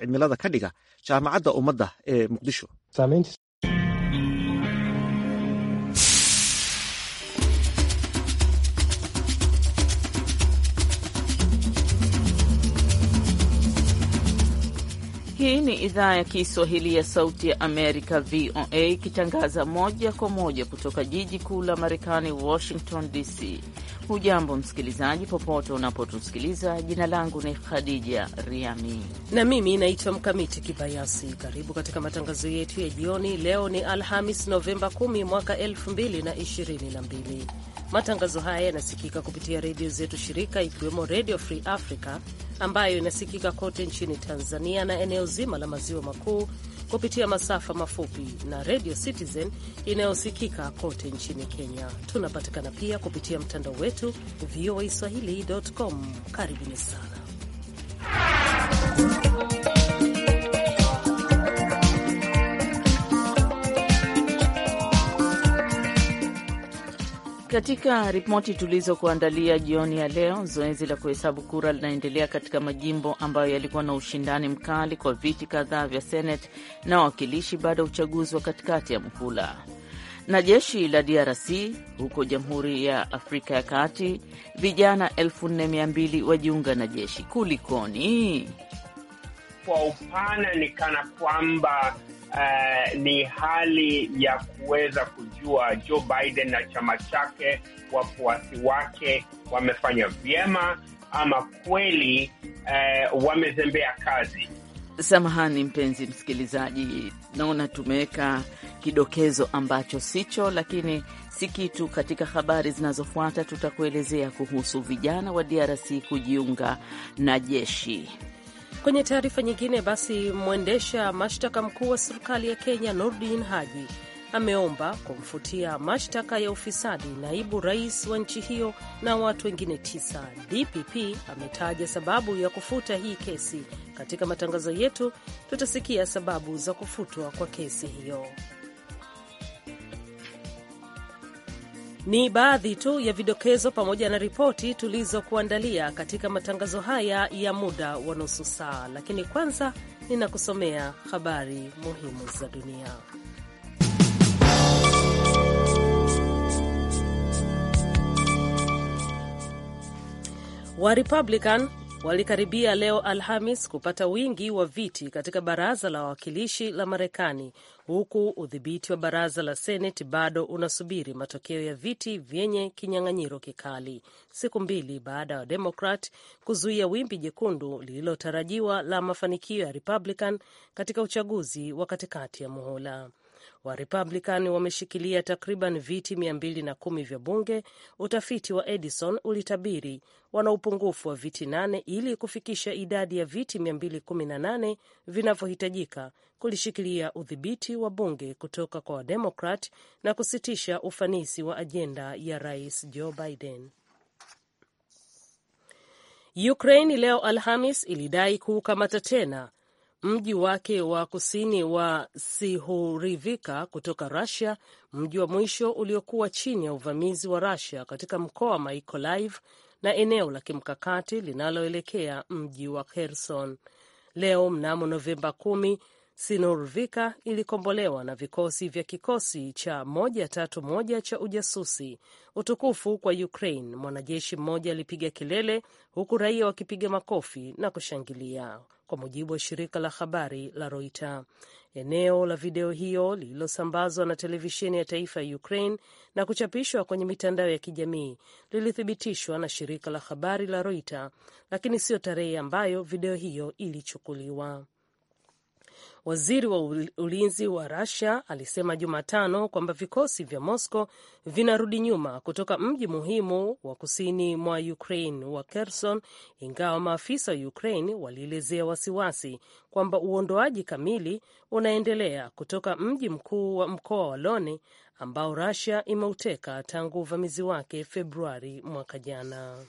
cimilada ka dhiga jaamacadda ummadda ee muqdisho ni idhaa ya Kiswahili ya Sauti ya Amerika, VOA, ikitangaza moja kwa moja kutoka jiji kuu la Marekani, Washington DC. Hujambo msikilizaji, popote unapotusikiliza. Jina langu ni Khadija Riami na mimi naitwa Mkamiti Kibayasi. Karibu katika matangazo yetu ya jioni. Leo ni Alhamis, Novemba 10 mwaka 2022. Matangazo haya yanasikika kupitia redio zetu shirika, ikiwemo Redio Free Africa ambayo inasikika kote nchini Tanzania na eneo zima la maziwa makuu kupitia masafa mafupi na Redio Citizen inayosikika kote nchini Kenya. Tunapatikana pia kupitia mtandao wetu voa swahili.com. Karibuni sana Katika ripoti tulizokuandalia jioni ya leo, zoezi la kuhesabu kura linaendelea katika majimbo ambayo yalikuwa na ushindani mkali kwa viti kadhaa vya seneti na wawakilishi baada ya uchaguzi wa katikati ya muhula. Na jeshi la DRC huko Jamhuri ya Afrika ya Kati, vijana 420 wajiunga na jeshi. Kulikoni? Kwa upana kana kwamba uh, ni hali ya kuweza kujua Joe Biden na chama chake, wafuasi wake wamefanya vyema ama kweli uh, wamezembea kazi. Samahani mpenzi msikilizaji, naona tumeweka kidokezo ambacho sicho, lakini si kitu. Katika habari zinazofuata, tutakuelezea kuhusu vijana wa DRC kujiunga na jeshi. Kwenye taarifa nyingine, basi mwendesha mashtaka mkuu wa serikali ya Kenya Nordin Haji ameomba kumfutia mashtaka ya ufisadi naibu rais wa nchi hiyo na watu wengine tisa. DPP ametaja sababu ya kufuta hii kesi. Katika matangazo yetu tutasikia sababu za kufutwa kwa kesi hiyo. Ni baadhi tu ya vidokezo pamoja na ripoti tulizokuandalia katika matangazo haya ya muda wa nusu saa, lakini kwanza ninakusomea habari muhimu za dunia. Wa Republican walikaribia leo Alhamis kupata wingi wa viti katika baraza la wawakilishi la Marekani, huku udhibiti wa baraza la Seneti bado unasubiri matokeo ya viti vyenye kinyang'anyiro kikali, siku mbili baada ya Wademokrat kuzuia wimbi jekundu lililotarajiwa la mafanikio ya Republican katika uchaguzi wa katikati ya muhula. Warepublican wameshikilia takriban viti 210 vya bunge. Utafiti wa Edison ulitabiri wana upungufu wa viti nane ili kufikisha idadi ya viti 218 vinavyohitajika kulishikilia udhibiti wa bunge kutoka kwa Wademokrat na kusitisha ufanisi wa ajenda ya Rais Joe Biden. Ukraine leo Alhamis ilidai kuukamata tena mji wake wa kusini wa Sihurivika kutoka Russia, mji wa mwisho uliokuwa chini ya uvamizi wa Russia katika mkoa wa Mykolaiv na eneo la kimkakati linaloelekea mji wa Kherson. Leo mnamo Novemba 10 Sinurvika ilikombolewa na vikosi vya kikosi cha 131 cha ujasusi. Utukufu kwa Ukraine! Mwanajeshi mmoja alipiga kelele, huku raia wakipiga makofi na kushangilia kwa mujibu wa shirika la habari la Reuters. Eneo la video hiyo lililosambazwa na televisheni ya taifa ya Ukraine na kuchapishwa kwenye mitandao ya kijamii lilithibitishwa na shirika la habari la Reuters, lakini siyo tarehe ambayo video hiyo ilichukuliwa. Waziri wa ulinzi wa Rusia alisema Jumatano kwamba vikosi vya Moscow vinarudi nyuma kutoka mji muhimu wa kusini mwa Ukraine wa Kherson, ingawa maafisa wa Ukraine walielezea wasiwasi kwamba uondoaji kamili unaendelea kutoka mji mkuu wa mkoa wa Lone ambao Rusia imeuteka tangu uvamizi wake Februari mwaka jana.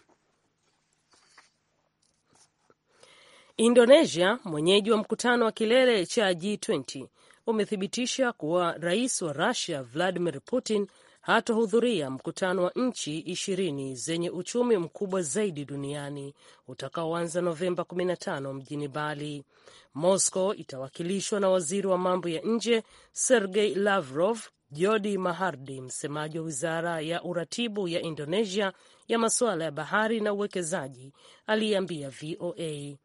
Indonesia, mwenyeji wa mkutano wa kilele cha G20, umethibitisha kuwa rais wa Russia Vladimir Putin hatohudhuria mkutano wa nchi ishirini zenye uchumi mkubwa zaidi duniani utakaoanza Novemba 15 mjini Bali. Moscow itawakilishwa na waziri wa mambo ya nje Sergei Lavrov. Jodi Mahardi, msemaji wa wizara ya uratibu ya Indonesia ya masuala ya bahari na uwekezaji, aliyeambia VOA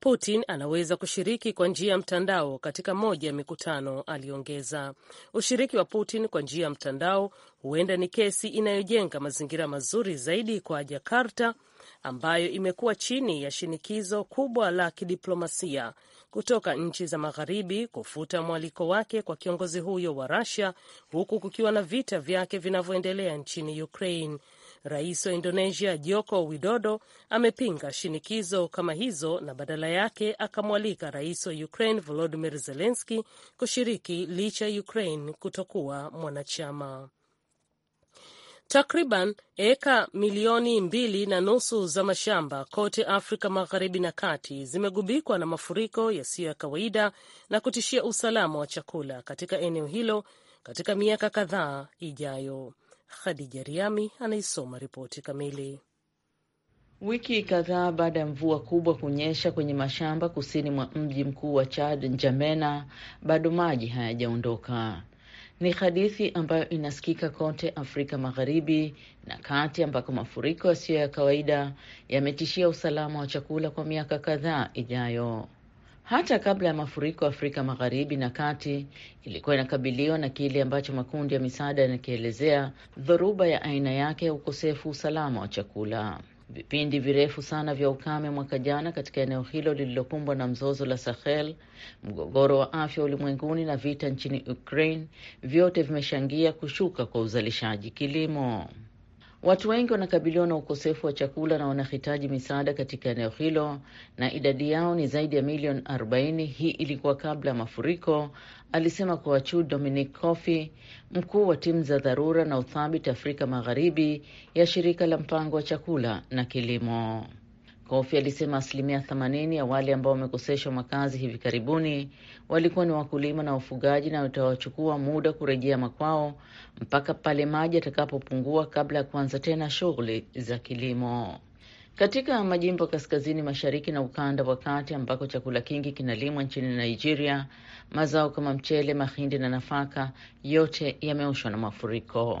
Putin anaweza kushiriki kwa njia ya mtandao katika moja ya mikutano, aliongeza. Ushiriki wa Putin kwa njia ya mtandao huenda ni kesi inayojenga mazingira mazuri zaidi kwa Jakarta, ambayo imekuwa chini ya shinikizo kubwa la kidiplomasia kutoka nchi za magharibi kufuta mwaliko wake kwa kiongozi huyo wa Russia, huku kukiwa na vita vyake vinavyoendelea nchini Ukraine. Rais wa Indonesia Joko Widodo amepinga shinikizo kama hizo na badala yake akamwalika rais wa Ukraine Volodimir Zelenski kushiriki licha ya Ukraine kutokuwa mwanachama. Takriban eka milioni mbili na nusu za mashamba kote Afrika Magharibi na Kati zimegubikwa na mafuriko yasiyo ya kawaida na kutishia usalama wa chakula katika eneo hilo katika miaka kadhaa ijayo. Khadija Riami anaisoma ripoti kamili. Wiki kadhaa baada ya mvua kubwa kunyesha kwenye mashamba kusini mwa mji mkuu wa Chad, Njamena, bado maji hayajaondoka. Ni hadithi ambayo inasikika kote Afrika Magharibi na Kati, ambako mafuriko yasiyo ya kawaida yametishia usalama wa chakula kwa miaka kadhaa ijayo. Hata kabla ya mafuriko Afrika Magharibi na Kati ilikuwa inakabiliwa na kile ambacho makundi ya misaada yanakielezea dhoruba ya aina yake ya ukosefu usalama wa chakula. Vipindi virefu sana vya ukame mwaka jana katika eneo hilo lililokumbwa na mzozo la Sahel, mgogoro wa afya ulimwenguni na vita nchini Ukraine, vyote vimeshangia kushuka kwa uzalishaji kilimo. Watu wengi wanakabiliwa na ukosefu wa chakula na wanahitaji misaada katika eneo hilo na idadi yao ni zaidi ya milioni 40. Hii ilikuwa kabla ya mafuriko, alisema Koachu Dominic Coffey, mkuu wa timu za dharura na uthabiti Afrika Magharibi ya shirika la mpango wa chakula na kilimo. Kofi alisema asilimia 80 ya wale ambao wamekoseshwa makazi hivi karibuni walikuwa ni wakulima na wafugaji, na utawachukua muda kurejea makwao mpaka pale maji yatakapopungua kabla ya kuanza tena shughuli za kilimo. Katika majimbo kaskazini mashariki na ukanda wa kati ambako chakula kingi kinalimwa nchini Nigeria, mazao kama mchele, mahindi na nafaka yote yameoshwa na mafuriko.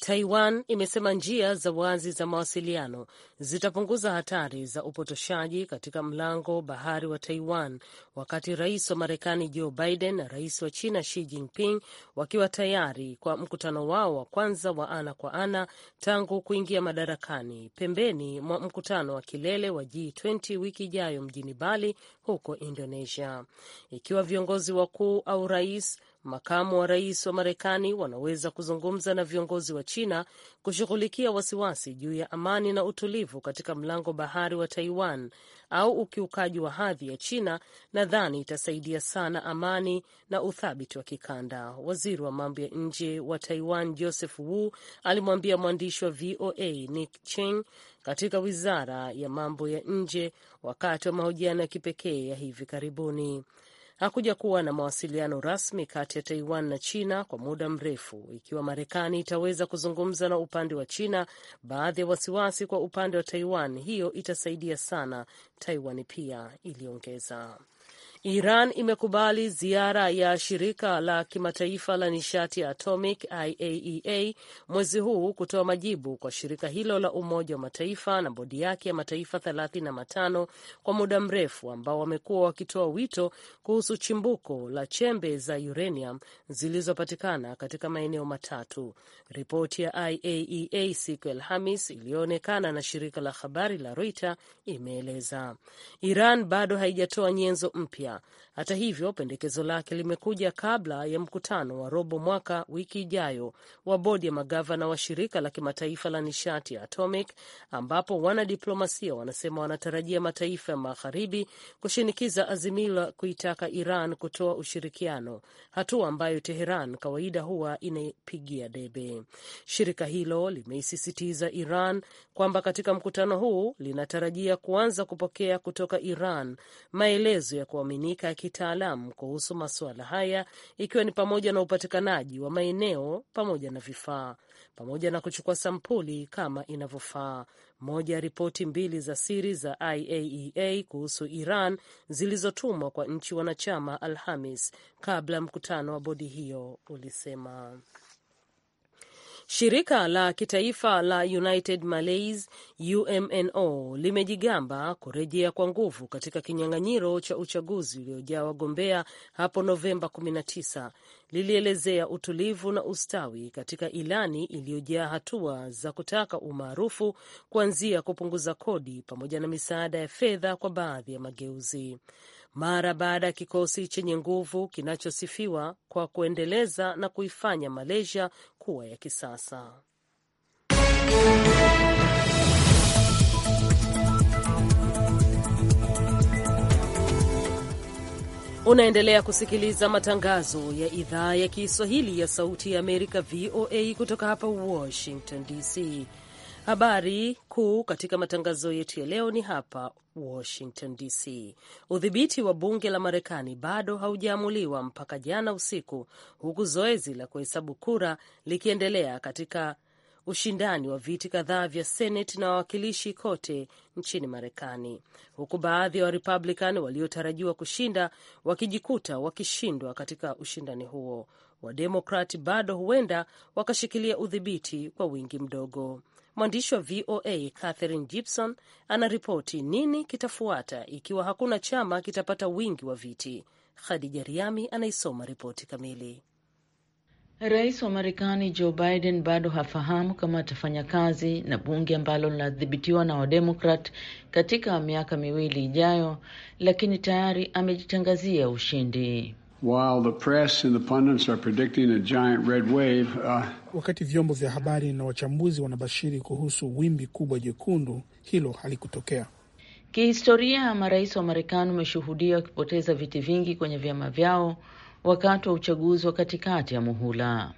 Taiwan imesema njia za wazi za mawasiliano zitapunguza hatari za upotoshaji katika mlango bahari wa Taiwan, wakati rais wa Marekani Joe Biden na rais wa China Xi Jinping wakiwa tayari kwa mkutano wao wa kwanza wa ana kwa ana tangu kuingia madarakani, pembeni mwa mkutano wa kilele wa G20 wiki ijayo mjini Bali huko Indonesia, ikiwa viongozi wakuu au rais makamu wa rais wa Marekani wanaweza kuzungumza na viongozi wa China kushughulikia wasiwasi juu ya amani na utulivu katika mlango bahari wa Taiwan au ukiukaji wa hadhi ya China, nadhani itasaidia sana amani na uthabiti wa kikanda. Waziri wa mambo ya nje wa Taiwan Joseph Wu alimwambia mwandishi wa VOA Nick Cheng katika wizara ya mambo ya nje wakati wa mahojiano ya kipekee ya hivi karibuni hakuja kuwa na mawasiliano rasmi kati ya Taiwan na China kwa muda mrefu, ikiwa Marekani itaweza kuzungumza na upande wa China baadhi ya wasiwasi kwa upande wa Taiwan. Hiyo itasaidia sana Taiwan pia, iliongeza. Iran imekubali ziara ya shirika la kimataifa la nishati ya atomic IAEA e mwezi huu kutoa majibu kwa shirika hilo la Umoja wa Mataifa na bodi yake ya mataifa thelathini na matano kwa muda mrefu ambao wamekuwa wakitoa wito kuhusu chimbuko la chembe za uranium zilizopatikana katika maeneo matatu. Ripoti ya IAEA e siku ya Alhamis iliyoonekana na shirika la habari la Reuters imeeleza Iran bado haijatoa nyenzo mpya hata hivyo, pendekezo lake limekuja kabla ya mkutano wa robo mwaka wiki ijayo wa bodi ya magavana wa shirika la kimataifa la nishati ya atomic, ambapo wanadiplomasia wanasema wanatarajia mataifa ya magharibi kushinikiza azimio la kuitaka Iran kutoa ushirikiano, hatua ambayo Teheran kawaida huwa inapigia debe. Shirika hilo limeisisitiza Iran kwamba katika mkutano huu linatarajia kuanza kupokea kutoka Iran maelezo ya kuamini kuelimika ya kitaalamu kuhusu masuala haya ikiwa ni pamoja na upatikanaji wa maeneo pamoja na vifaa pamoja na kuchukua sampuli kama inavyofaa. Moja ya ripoti mbili za siri za IAEA e kuhusu Iran zilizotumwa kwa nchi wanachama Alhamis kabla mkutano wa bodi hiyo ulisema. Shirika la kitaifa la United Malays UMNO limejigamba kurejea kwa nguvu katika kinyang'anyiro cha uchaguzi uliojaa wagombea hapo Novemba 19. Lilielezea utulivu na ustawi katika ilani iliyojaa hatua za kutaka umaarufu, kuanzia kupunguza kodi pamoja na misaada ya fedha kwa baadhi ya mageuzi mara baada ya kikosi chenye nguvu kinachosifiwa kwa kuendeleza na kuifanya Malaysia kuwa ya kisasa. Unaendelea kusikiliza matangazo ya idhaa ya Kiswahili ya Sauti ya Amerika, VOA, kutoka hapa Washington DC. Habari kuu katika matangazo yetu ya leo ni hapa Washington DC. Udhibiti wa bunge la Marekani bado haujaamuliwa mpaka jana usiku, huku zoezi la kuhesabu kura likiendelea katika ushindani wa viti kadhaa vya seneti na wawakilishi kote nchini Marekani, huku baadhi ya wa Warepublican waliotarajiwa kushinda wakijikuta wakishindwa katika ushindani huo. wademokrati bado huenda wakashikilia udhibiti kwa wingi mdogo. Mwandishi wa VOA Catherine Gibson anaripoti nini kitafuata ikiwa hakuna chama kitapata wingi wa viti. Khadija Riami anaisoma ripoti kamili. Rais wa Marekani Joe Biden bado hafahamu kama atafanya kazi na bunge ambalo linadhibitiwa na Wademokrat katika miaka miwili ijayo, lakini tayari amejitangazia ushindi. While the press and the pundits are predicting a giant red wave, uh... wakati vyombo vya habari na wachambuzi wanabashiri kuhusu wimbi kubwa jekundu, hilo halikutokea. Kihistoria, marais wa Marekani wameshuhudia wakipoteza viti vingi kwenye vyama vyao wakati wa uchaguzi wa katikati ya muhula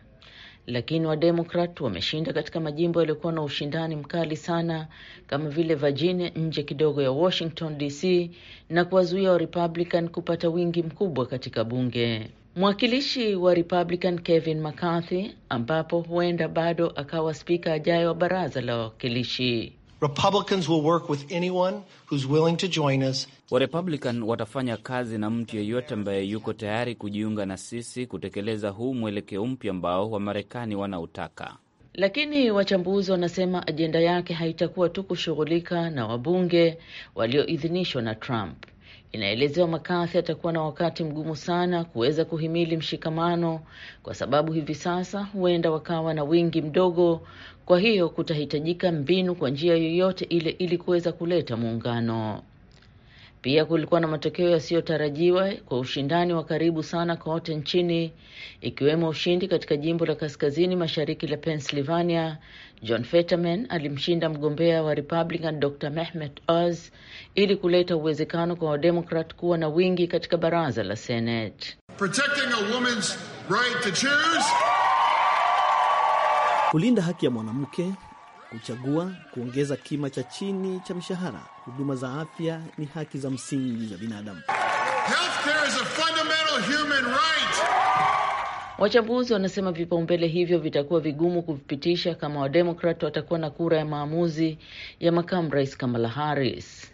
lakini Wademokrat wameshinda katika majimbo yaliyokuwa na ushindani mkali sana kama vile Virginia, nje kidogo ya Washington DC, na kuwazuia Warepublican kupata wingi mkubwa katika bunge. Mwakilishi wa Republican Kevin McCarthy, ambapo huenda bado akawa spika ajaye wa baraza la wawakilishi. Republicans will work with anyone who's willing to join us Warepublican watafanya kazi na mtu yeyote ambaye yuko tayari kujiunga na sisi kutekeleza huu mwelekeo mpya ambao Wamarekani wanautaka. Lakini wachambuzi wanasema ajenda yake haitakuwa tu kushughulika na wabunge walioidhinishwa na Trump. Inaelezewa McCarthy atakuwa na wakati mgumu sana kuweza kuhimili mshikamano, kwa sababu hivi sasa huenda wakawa na wingi mdogo. Kwa hiyo kutahitajika mbinu kwa njia yoyote ile ili kuweza kuleta muungano. Pia kulikuwa na matokeo yasiyotarajiwa kwa ushindani wa karibu sana kote nchini, ikiwemo ushindi katika jimbo la kaskazini mashariki la Pennsylvania. John Fetterman alimshinda mgombea wa Republican Dr. Mehmet Oz ili kuleta uwezekano kwa Wademokrat kuwa na wingi katika baraza la Senate. Kulinda haki ya mwanamke kuchagua, kuongeza kima cha chini cha mshahara, huduma za afya ni haki za msingi za binadamu. Wachambuzi wanasema vipaumbele hivyo vitakuwa vigumu kuvipitisha kama Wademokrat watakuwa na kura ya maamuzi ya makamu rais Kamala Harris.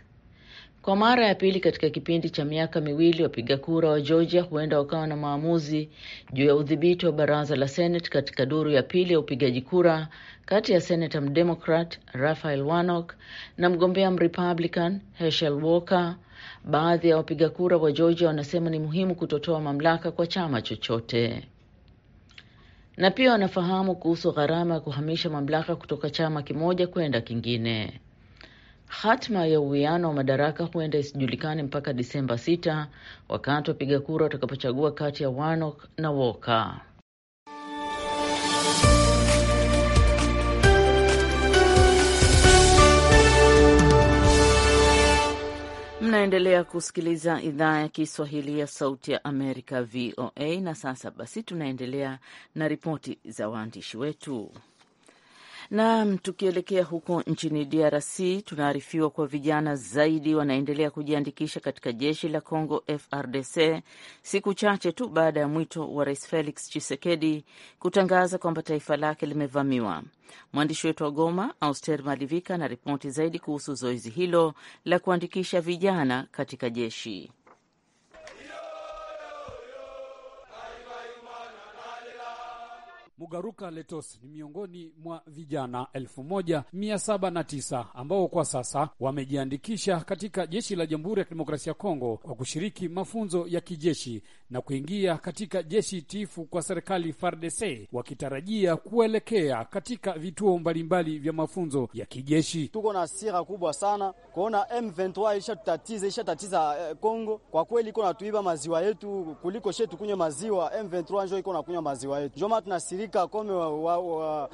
Kwa mara ya pili katika kipindi cha miaka miwili, wapiga kura wa Georgia huenda wakawa na maamuzi juu ya udhibiti wa baraza la Senate katika duru ya pili ya upigaji kura kati ya senata mdemokrat Raphael Warnock na mgombea mrepublican Herschel Walker. Baadhi ya wapiga kura wa Georgia wanasema ni muhimu kutotoa mamlaka kwa chama chochote na pia wanafahamu kuhusu gharama ya kuhamisha mamlaka kutoka chama kimoja kwenda kingine. Hatma ya uwiano wa madaraka huenda isijulikane mpaka Disemba 6 wakati wapiga kura watakapochagua kati ya Warnock na Walker. Mnaendelea kusikiliza idhaa ya Kiswahili ya Sauti ya Amerika, VOA. Na sasa basi, tunaendelea na ripoti za waandishi wetu. Naam, tukielekea huko nchini DRC tunaarifiwa kuwa vijana zaidi wanaendelea kujiandikisha katika jeshi la Congo FRDC siku chache tu baada ya mwito wa Rais Felix Tshisekedi kutangaza kwamba taifa lake limevamiwa. Mwandishi wetu wa Goma Auster Malivika ana ripoti zaidi kuhusu zoezi hilo la kuandikisha vijana katika jeshi. Mugaruka Letos ni miongoni mwa vijana elfu moja mia saba na tisa ambao kwa sasa wamejiandikisha katika jeshi la Jamhuri ya Kidemokrasia ya Kongo kwa kushiriki mafunzo ya kijeshi na kuingia katika jeshi tifu kwa serikali FARDC, wakitarajia kuelekea katika vituo mbalimbali vya mafunzo ya kijeshi. Tuko na sira kubwa sana kuona M23 ishatutatiza ishatatiza eh, Kongo. Kwa kweli iko natuiba maziwa yetu kuliko shetu kunywa maziwa. M23 njo iko nakunywa maziwa yetu, njo maana tunasirika Afrika kome wa, wa, wa,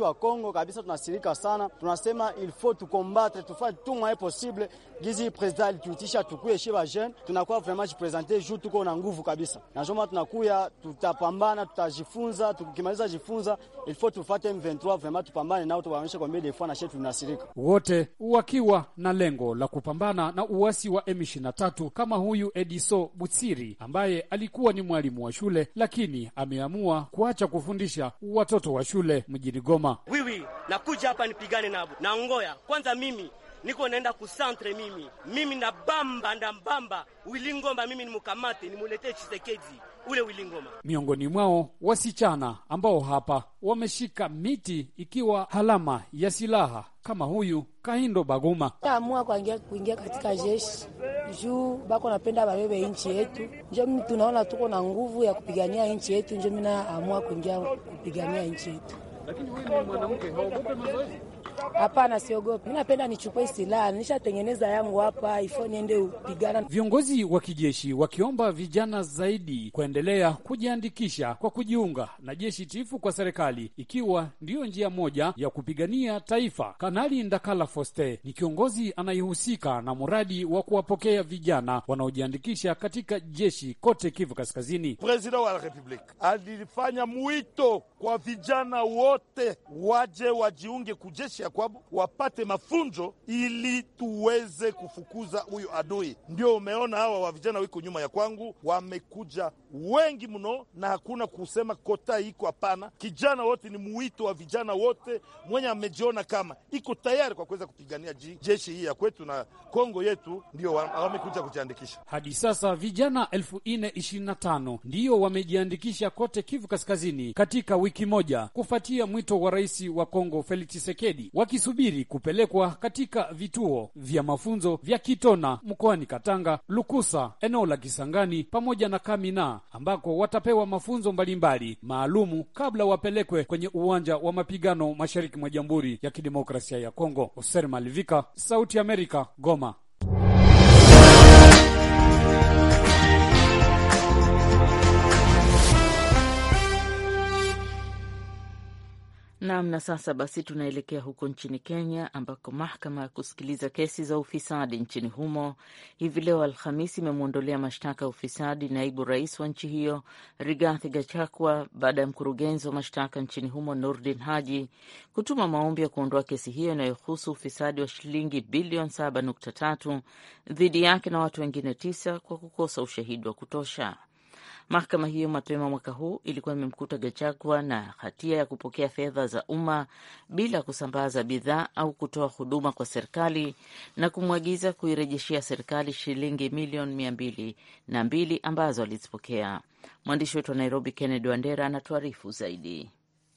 wa Kongo kabisa tunasirika sana, tunasema il faut tu combattre tu tufanye tout moyen possible gizi president alituitisha tukuye chez wa jeune, tunakuwa vraiment je jipresente jour tuko na nguvu kabisa, na njoma tunakuya, tutapambana, tutajifunza, tukimaliza jifunza il faut tufate M23 vraiment tupambane nao, tuwaonyeshe kwa mbele ifua na shetu tunasirika wote, wakiwa na lengo la kupambana na uasi wa M23 kama huyu Ediso Butsiri ambaye alikuwa ni mwalimu wa shule lakini ameamua kuacha kufundisha kuandikisha watoto wa shule mjini Goma. Wiwi nakuja hapa nipigane nabo na ngoya kwanza, mimi niko naenda kusantre mimi mimi na bamba na bamba Wilingoma, mimi nimukamate nimuletee Chisekedi ule Wilingoma. Miongoni mwao wasichana ambao hapa wameshika miti ikiwa halama ya silaha kama huyu Kahindo Baguma taamua kuingia kuingia katika jeshi juu bako napenda babebe nchi yetu, njo mimi tunaona tuko na nguvu ya kupigania nchi yetu, njo naamua kuingia kupigania nchi yetu. Lakini wewe ni mwanamke, haogope mazoezi? Hapana, siogopi. Mimi napenda nichukue silaha, nishatengeneza yangu hapa ifo niende upigana. Viongozi wa kijeshi wakiomba vijana zaidi kuendelea kujiandikisha kwa kujiunga na jeshi tifu kwa serikali, ikiwa ndiyo njia moja ya kupigania taifa. Kanali Ndakala Foste ni kiongozi anayehusika na mradi wa kuwapokea vijana wanaojiandikisha katika jeshi kote Kivu Kaskazini. President wa Republiki alifanya mwito kwa vijana wote waje wajiunge kujeshi ya kwamba wapate mafunzo ili tuweze kufukuza huyu adui. Ndio umeona hawa wa vijana wiko nyuma ya kwangu, wamekuja wengi mno, na hakuna kusema kota iko, hapana. Kijana wote ni mwito wa vijana wote mwenye amejiona kama iko tayari kwa kuweza kupigania jeshi hii ya kwetu na Kongo yetu, ndio wamekuja kujiandikisha. Hadi sasa vijana elfu nne ishirini na tano wamejiandikisha kote Kivu Kaskazini katika wiki moja kufuatia mwito wa rais wa Kongo Felix Tshisekedi wakisubiri kupelekwa katika vituo vya mafunzo vya Kitona mkoani Katanga, Lukusa eneo la Kisangani pamoja na Kamina ambako watapewa mafunzo mbalimbali maalumu kabla wapelekwe kwenye uwanja wa mapigano mashariki mwa Jamhuri ya Kidemokrasia ya Kongo. Oser Malivika, Sauti ya Amerika, Goma. Nam. Na sasa basi, tunaelekea huko nchini Kenya ambako mahakama ya kusikiliza kesi za ufisadi nchini humo hivi leo Alhamisi imemwondolea mashtaka ya ufisadi naibu rais wa nchi hiyo Rigathi Gachagua baada ya mkurugenzi wa mashtaka nchini humo Nordin Haji kutuma maombi ya kuondoa kesi hiyo inayohusu ufisadi wa shilingi bilioni 7.3 dhidi yake na watu wengine tisa kwa kukosa ushahidi wa kutosha. Mahakama hiyo mapema mwaka huu ilikuwa imemkuta Gachagua na hatia ya kupokea fedha za umma bila kusambaza bidhaa au kutoa huduma kwa serikali na kumwagiza kuirejeshia serikali shilingi milioni mia mbili na mbili ambazo alizipokea. Mwandishi wetu wa Nairobi, Kennedy Wandera, anatuarifu zaidi.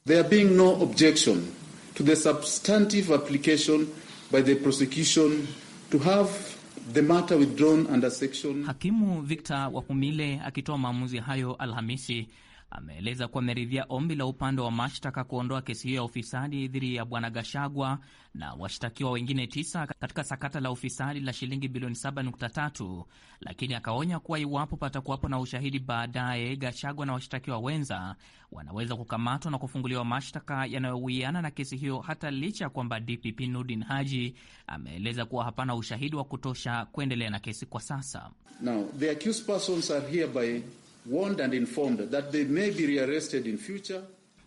There being no objection to the substantive application by the prosecution to have The matter withdrawn under section. Hakimu Victor Wakumile akitoa maamuzi hayo Alhamisi ameeleza kuwa ameridhia ombi la upande wa mashtaka kuondoa kesi hiyo ya ufisadi dhidi ya bwana Gashagwa na washtakiwa wengine tisa katika sakata la ufisadi la shilingi bilioni 7.3, lakini akaonya kuwa iwapo patakuwapo na ushahidi baadaye, Gashagwa na washtakiwa wenza wanaweza kukamatwa na kufunguliwa mashtaka yanayowiana na kesi hiyo, hata licha ya kwamba DPP Nurdin Haji ameeleza kuwa hapana ushahidi wa kutosha kuendelea na kesi kwa sasa. Now, the accused persons are hereby warned and informed that they may be rearrested in future.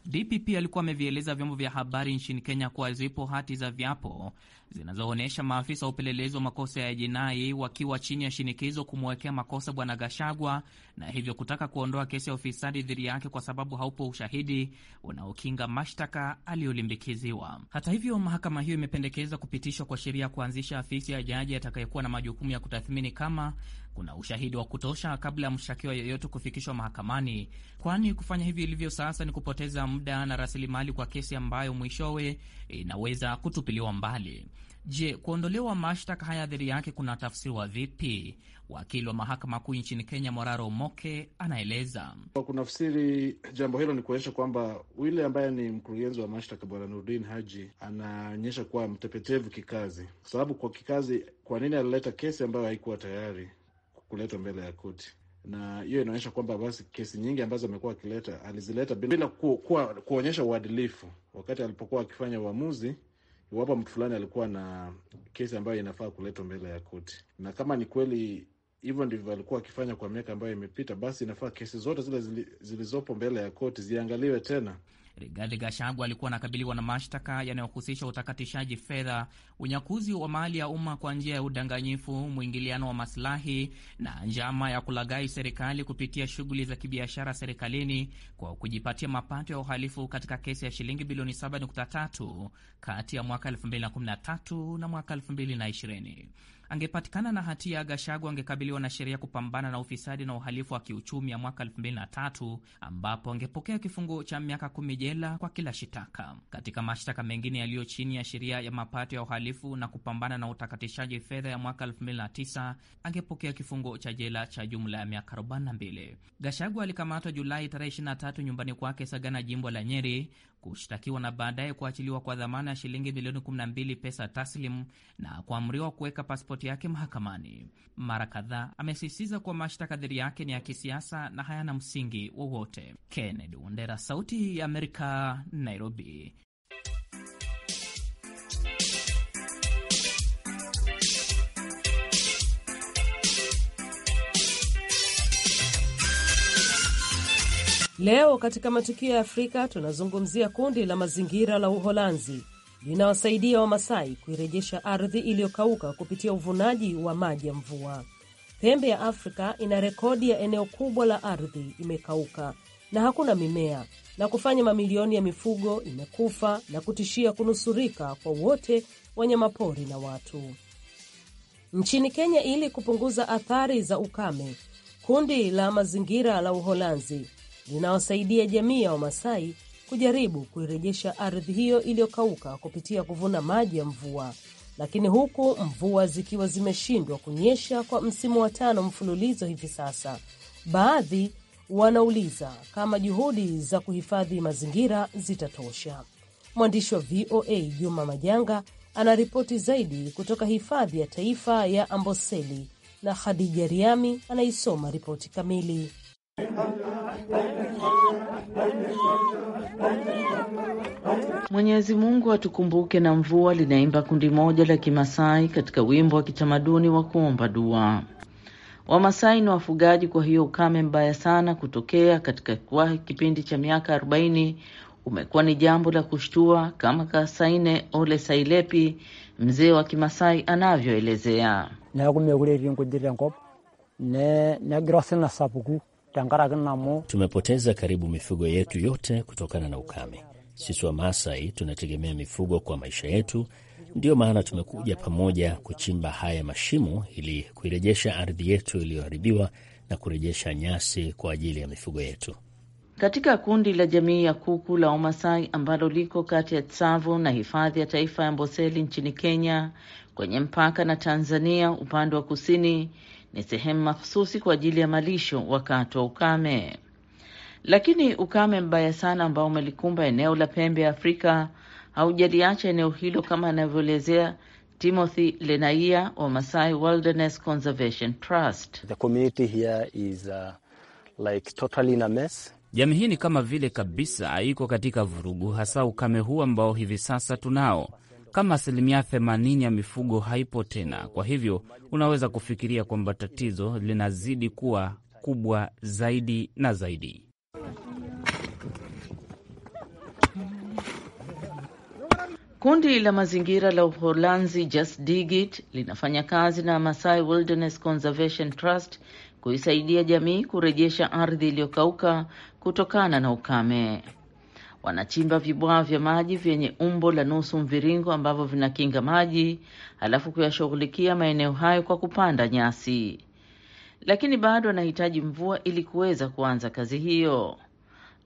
DPP alikuwa amevieleza vyombo vya habari nchini Kenya kuwa zipo hati za viapo zinazoonyesha maafisa wa upelelezi wa makosa ya jinai wakiwa chini ya shinikizo kumwekea makosa Bwana Gashagwa na hivyo kutaka kuondoa kesi ya ufisadi dhidi yake kwa sababu haupo ushahidi unaokinga mashtaka aliyolimbikiziwa. Hata hivyo, mahakama hiyo imependekeza kupitishwa kwa sheria ya kuanzisha afisi ya jaji atakayekuwa na majukumu ya kutathmini kama kuna ushahidi wa kutosha kabla ya mshtakiwa yeyote kufikishwa mahakamani, kwani kufanya hivi ilivyo sasa ni kupoteza muda na rasilimali kwa kesi ambayo mwishowe inaweza kutupiliwa mbali. Je, kuondolewa mashtaka haya dhidi yake kuna tafsiriwa vipi? Wakili wa mahakama kuu nchini Kenya, Moraro Moke, anaeleza. Kwa kunafsiri jambo hilo ni kuonyesha kwamba yule ambaye ni mkurugenzi wa mashtaka Bwana Nurdin Haji anaonyesha kuwa mtepetevu kikazi, kwa sababu kwa kikazi, kwa nini alileta kesi ambayo haikuwa tayari? kuletwa mbele ya koti, na hiyo inaonyesha kwamba basi kesi nyingi ambazo amekuwa akileta alizileta bila ku, ku, kuonyesha uadilifu wakati alipokuwa akifanya uamuzi iwapo mtu fulani alikuwa na kesi ambayo inafaa kuletwa mbele ya koti. Na kama ni kweli hivyo ndivyo alikuwa akifanya kwa miaka ambayo imepita, basi inafaa kesi zote zile zilizopo mbele ya koti ziangaliwe tena. Rigathi Gachagua alikuwa anakabiliwa na mashtaka yanayohusisha utakatishaji fedha, unyakuzi wa mali ya umma kwa njia ya udanganyifu, mwingiliano wa masilahi na njama ya kulaghai serikali kupitia shughuli za kibiashara serikalini kwa kujipatia mapato ya uhalifu katika kesi ya shilingi bilioni 7.3 kati ya mwaka 2013 na mwaka 2020. Angepatikana na hatia, Gashagu angekabiliwa na sheria kupambana na ufisadi na uhalifu wa kiuchumi ya mwaka 2003 ambapo angepokea kifungo cha miaka kumi jela kwa kila shitaka. Katika mashtaka mengine yaliyo chini ya sheria ya mapato ya uhalifu na kupambana na utakatishaji fedha ya mwaka 2009 angepokea kifungo cha jela cha jumla ya miaka 42. Gashagu alikamatwa Julai tarehe 23 nyumbani kwake Sagana, jimbo la Nyeri kushtakiwa na baadaye kuachiliwa kwa dhamana ya shilingi milioni 12 pesa taslim na kuamriwa kuweka pasipoti yake mahakamani. Mara kadhaa amesisitiza kuwa mashtaka dhidi yake ni ya kisiasa na hayana msingi wowote. Kennedy Wandera, Sauti ya Amerika, Nairobi. Leo katika matukio ya Afrika tunazungumzia kundi la mazingira la Uholanzi linawasaidia Wamasai kuirejesha ardhi iliyokauka kupitia uvunaji wa maji ya mvua. Pembe ya Afrika ina rekodi ya eneo kubwa la ardhi imekauka na hakuna mimea na kufanya mamilioni ya mifugo imekufa na kutishia kunusurika kwa wote wanyamapori na watu. Nchini Kenya, ili kupunguza athari za ukame, kundi la mazingira la Uholanzi linawasaidia jamii ya Wamasai kujaribu kuirejesha ardhi hiyo iliyokauka kupitia kuvuna maji ya mvua, lakini huku mvua zikiwa zimeshindwa kunyesha kwa msimu wa tano mfululizo hivi sasa, baadhi wanauliza kama juhudi za kuhifadhi mazingira zitatosha. Mwandishi wa VOA Juma Majanga anaripoti zaidi kutoka hifadhi ya taifa ya Amboseli na Khadija Riami anaisoma ripoti kamili. Mwenyezi Mungu atukumbuke na mvua, linaimba kundi moja la Kimasai katika wimbo wa kitamaduni wa kuomba dua. Wamasai ni wafugaji, kwa hiyo ukame mbaya sana kutokea katika kwa kipindi cha miaka 40 umekuwa ni jambo la kushtua, kama Kasaine Ole Sailepi, mzee wa Kimasai, anavyoelezea. neeku mekure ne nkujit sapuku Tumepoteza karibu mifugo yetu yote kutokana na ukame. Sisi wa Masai tunategemea mifugo kwa maisha yetu, ndiyo maana tumekuja pamoja kuchimba haya mashimo ili kuirejesha ardhi yetu iliyoharibiwa na kurejesha nyasi kwa ajili ya mifugo yetu. Katika kundi la jamii ya kuku la omasai ambalo liko kati ya Tsavo na hifadhi ya taifa ya Amboseli nchini Kenya, kwenye mpaka na Tanzania upande wa kusini, ni sehemu mahususi kwa ajili ya malisho wakati wa ukame. Lakini ukame mbaya sana ambao umelikumba eneo la pembe ya Afrika haujaliacha eneo hilo, kama anavyoelezea Timothy Lenaia wa Masai Wilderness Conservation Trust. The community here is, uh, like totally in a mess. Jamii hii ni kama vile kabisa iko katika vurugu, hasa ukame huu ambao hivi sasa tunao kama asilimia 80 ya mifugo haipo tena, kwa hivyo unaweza kufikiria kwamba tatizo linazidi kuwa kubwa zaidi na zaidi. Kundi la mazingira la Uholanzi Just linafanya kazi na Masai Wilderness Conservation Trust kuisaidia jamii kurejesha ardhi iliyokauka kutokana na ukame wanachimba vibwaa vya maji vyenye umbo la nusu mviringo ambavyo vinakinga maji, halafu kuyashughulikia maeneo hayo kwa kupanda nyasi, lakini bado wanahitaji mvua ili kuweza kuanza kazi hiyo.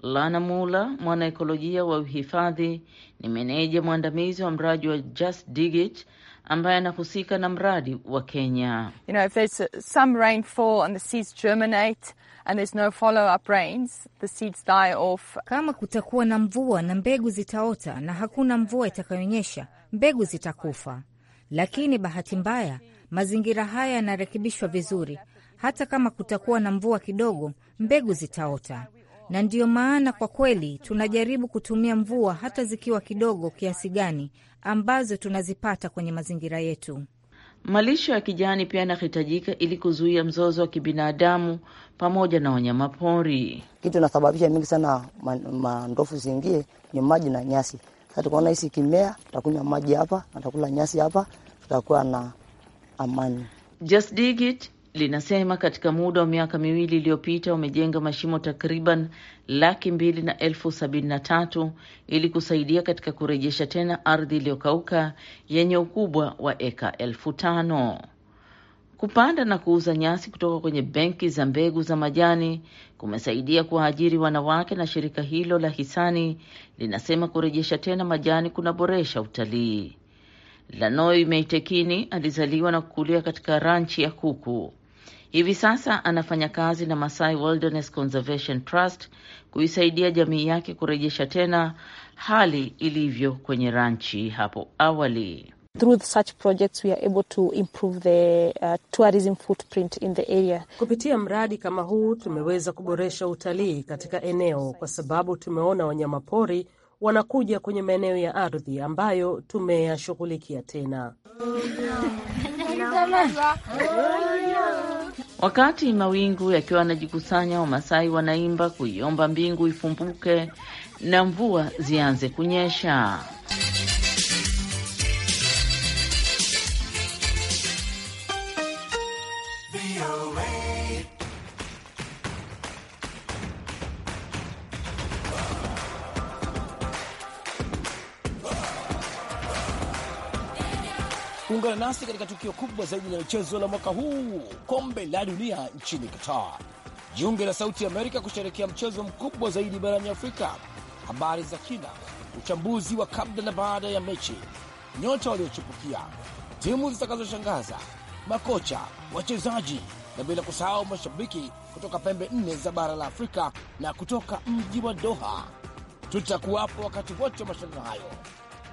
Lana Mula, mwanaekolojia wa uhifadhi, ni meneja mwandamizi wa mradi wa Just Dig It ambaye anahusika na mradi wa Kenya. You know, if there's uh, some rainfall and the seeds germinate and there's no follow-up rains, the seeds die off. Kama kutakuwa na mvua na mbegu zitaota na hakuna mvua itakayonyesha, mbegu zitakufa. Lakini bahati mbaya, mazingira haya yanarekebishwa vizuri. Hata kama kutakuwa na mvua kidogo, mbegu zitaota na ndiyo maana kwa kweli tunajaribu kutumia mvua hata zikiwa kidogo kiasi gani ambazo tunazipata kwenye mazingira yetu. Malisho ya kijani pia yanahitajika ili kuzuia mzozo wa kibinadamu pamoja na wanyama pori. Kitu inasababisha mingi sana mandofu ziingie ni maji na nyasi. Sasa tukaona hisi kimea, tutakunywa maji hapa natakula nyasi hapa, tutakuwa na amani. Just Dig It linasema katika muda wa miaka miwili iliyopita wamejenga mashimo takriban laki mbili na elfu sabini na tatu ili kusaidia katika kurejesha tena ardhi iliyokauka yenye ukubwa wa eka elfu tano. Kupanda na kuuza nyasi kutoka kwenye benki za mbegu za majani kumesaidia kuwaajiri wanawake, na shirika hilo la hisani linasema kurejesha tena majani kunaboresha utalii. Lanoi Meitekini alizaliwa na kukulia katika ranchi ya kuku. Hivi sasa anafanya kazi na Masai Wilderness Conservation Trust kuisaidia jamii yake kurejesha tena hali ilivyo kwenye ranchi hapo awali. Kupitia mradi kama huu tumeweza kuboresha utalii katika eneo, kwa sababu tumeona wanyamapori wanakuja kwenye maeneo ya ardhi ambayo tumeyashughulikia tena Wakati mawingu yakiwa yanajikusanya, Wamasai wanaimba kuiomba mbingu ifumbuke na mvua zianze kunyesha. basi katika tukio kubwa zaidi linalochezwa la mwaka huu, kombe la dunia nchini Qatar. Jiunge la Sauti Amerika kusherekea mchezo mkubwa zaidi barani Afrika. Habari za kina, uchambuzi wa kabla na baada ya mechi, nyota waliochipukia, timu zitakazoshangaza, makocha, wachezaji na bila kusahau mashabiki kutoka pembe nne za bara la Afrika na kutoka mji wa Doha. Tutakuwapo wakati wote wa mashindano hayo,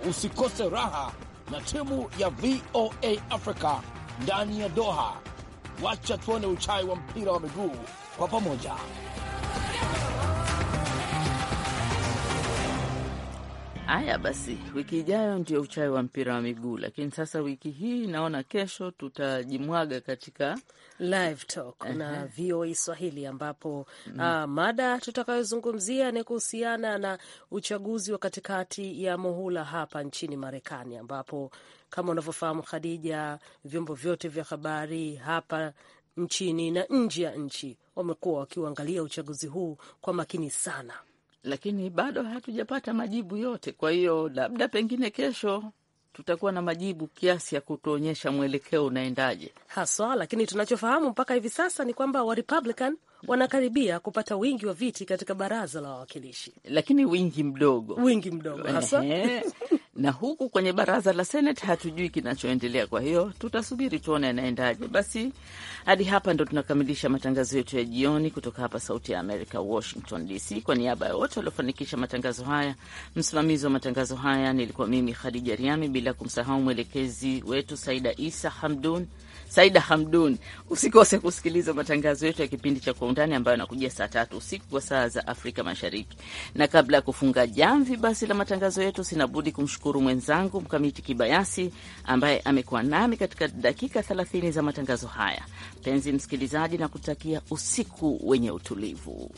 usikose raha na timu ya VOA Africa ndani ya Doha. Wacha tuone uchai wa mpira wa miguu kwa pamoja. Haya basi, wiki ijayo ndio uchawi wa mpira wa miguu, lakini sasa wiki hii naona kesho tutajimwaga katika live talk na VOA e Swahili ambapo mm. uh, mada tutakayozungumzia ni kuhusiana na uchaguzi wa katikati ya muhula hapa nchini Marekani, ambapo kama unavyofahamu Khadija, vyombo vyote vya habari hapa nchini na nje ya nchi wamekuwa wakiuangalia uchaguzi huu kwa makini sana lakini bado hatujapata majibu yote. Kwa hiyo labda pengine kesho tutakuwa na majibu kiasi ya kutuonyesha mwelekeo unaendaje haswa, lakini tunachofahamu mpaka hivi sasa ni kwamba wa Republican wanakaribia kupata wingi wa viti katika baraza la wawakilishi, lakini wingi mdogo, wingi mdogo hasa na huku kwenye baraza la Senate hatujui kinachoendelea. Kwa hiyo tutasubiri tuone yanaendaje. Basi hadi hapa ndo tunakamilisha matangazo yetu ya jioni kutoka hapa Sauti ya Amerika, Washington DC. Kwa niaba ya wote waliofanikisha matangazo haya, msimamizi wa matangazo haya nilikuwa mimi Khadija Riami, bila kumsahau mwelekezi wetu Saida Isa Hamdun. Saida Hamdun. Usikose kusikiliza matangazo yetu ya kipindi cha Kwa Undani ambayo anakujia saa tatu usiku kwa saa za Afrika Mashariki. Na kabla ya kufunga jamvi basi la matangazo yetu, sinabudi kumshukuru mwenzangu Mkamiti Kibayasi ambaye amekuwa nami katika dakika 30 za matangazo haya. Mpenzi msikilizaji, na kutakia usiku wenye utulivu.